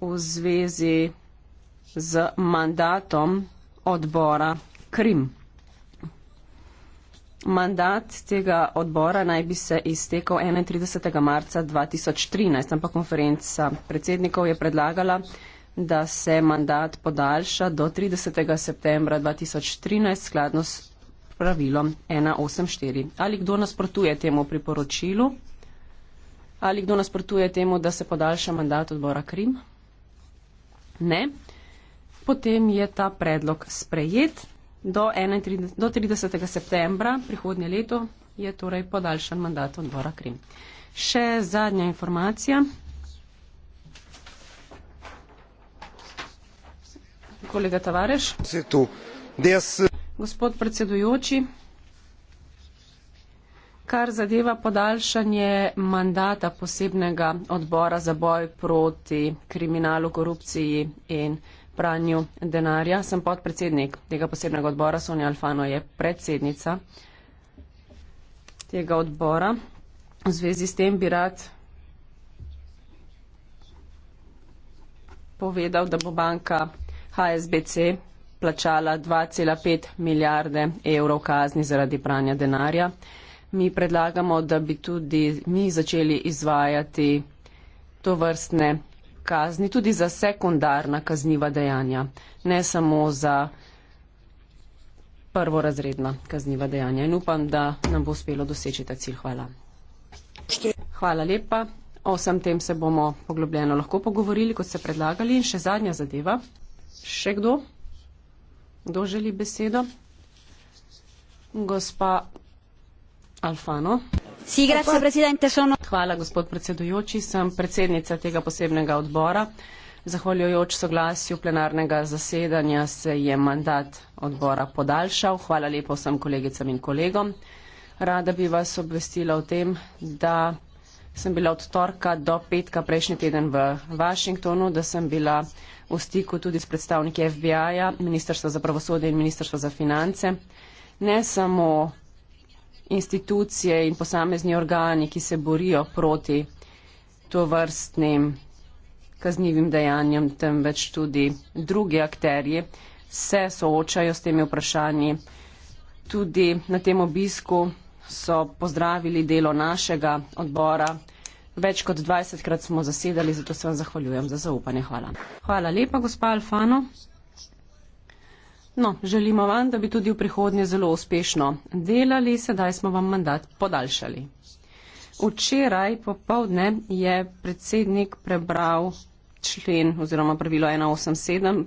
v zvezi z mandatom odbora Krim. Mandat tega odbora naj bi se iztekel 31. marca 2013, ampak konferenca predsednikov je predlagala, da se mandat podaljša do 30. septembra 2013 skladno s pravilom 184. Ali kdo nasprotuje temu priporočilu? Ali kdo nasprotuje temu, da se podaljša mandat odbora Krim? ne, potem je ta predlog sprejet. Do, 31, do 30. septembra prihodnje leto je torej podaljšan mandat odbora Krim. Še zadnja informacija. Kolega Tavareš. Gospod predsedujoči, kar zadeva podaljšanje mandata posebnega odbora za boj proti kriminalu, korupciji in pranju denarja. Sem podpredsednik tega posebnega odbora, Sonja Alfano je predsednica tega odbora. V zvezi s tem bi rad povedal, da bo banka HSBC plačala 2,5 milijarde evrov kazni zaradi pranja denarja mi predlagamo, da bi tudi mi začeli izvajati to vrstne kazni tudi za sekundarna kazniva dejanja, ne samo za prvorazredna kazniva dejanja. In upam, da nam bo uspelo doseči ta cilj. Hvala. Hvala lepa. O vsem tem se bomo poglobljeno lahko pogovorili, kot ste predlagali. In še zadnja zadeva. Še kdo? Kdo želi besedo? Gospa Alfano. Si, grazie, presidente, sono... Hvala, gospod predsedujoči. Sem predsednica tega posebnega odbora. Zahvaljujoč soglasju plenarnega zasedanja se je mandat odbora podaljšal. Hvala lepo vsem kolegicam in kolegom. Rada bi vas obvestila o tem, da sem bila od torka do petka prejšnji teden v Washingtonu, da sem bila v stiku tudi s predstavniki FBI-ja, Ministrstva za pravosodje in Ministrstva za finance. Ne samo institucije in posamezni organi, ki se borijo proti to vrstnim kaznjivim dejanjem, temveč tudi drugi akterji se soočajo s temi vprašanji. Tudi na tem obisku so pozdravili delo našega odbora. Več kot 20 krat smo zasedali, zato se vam zahvaljujem za zaupanje. Hvala. Hvala lepa, gospa Alfano. No, želimo vam, da bi tudi v prihodnje zelo uspešno delali, sedaj smo vam mandat podaljšali. Včeraj popovdne je predsednik prebral člen oziroma pravilo 187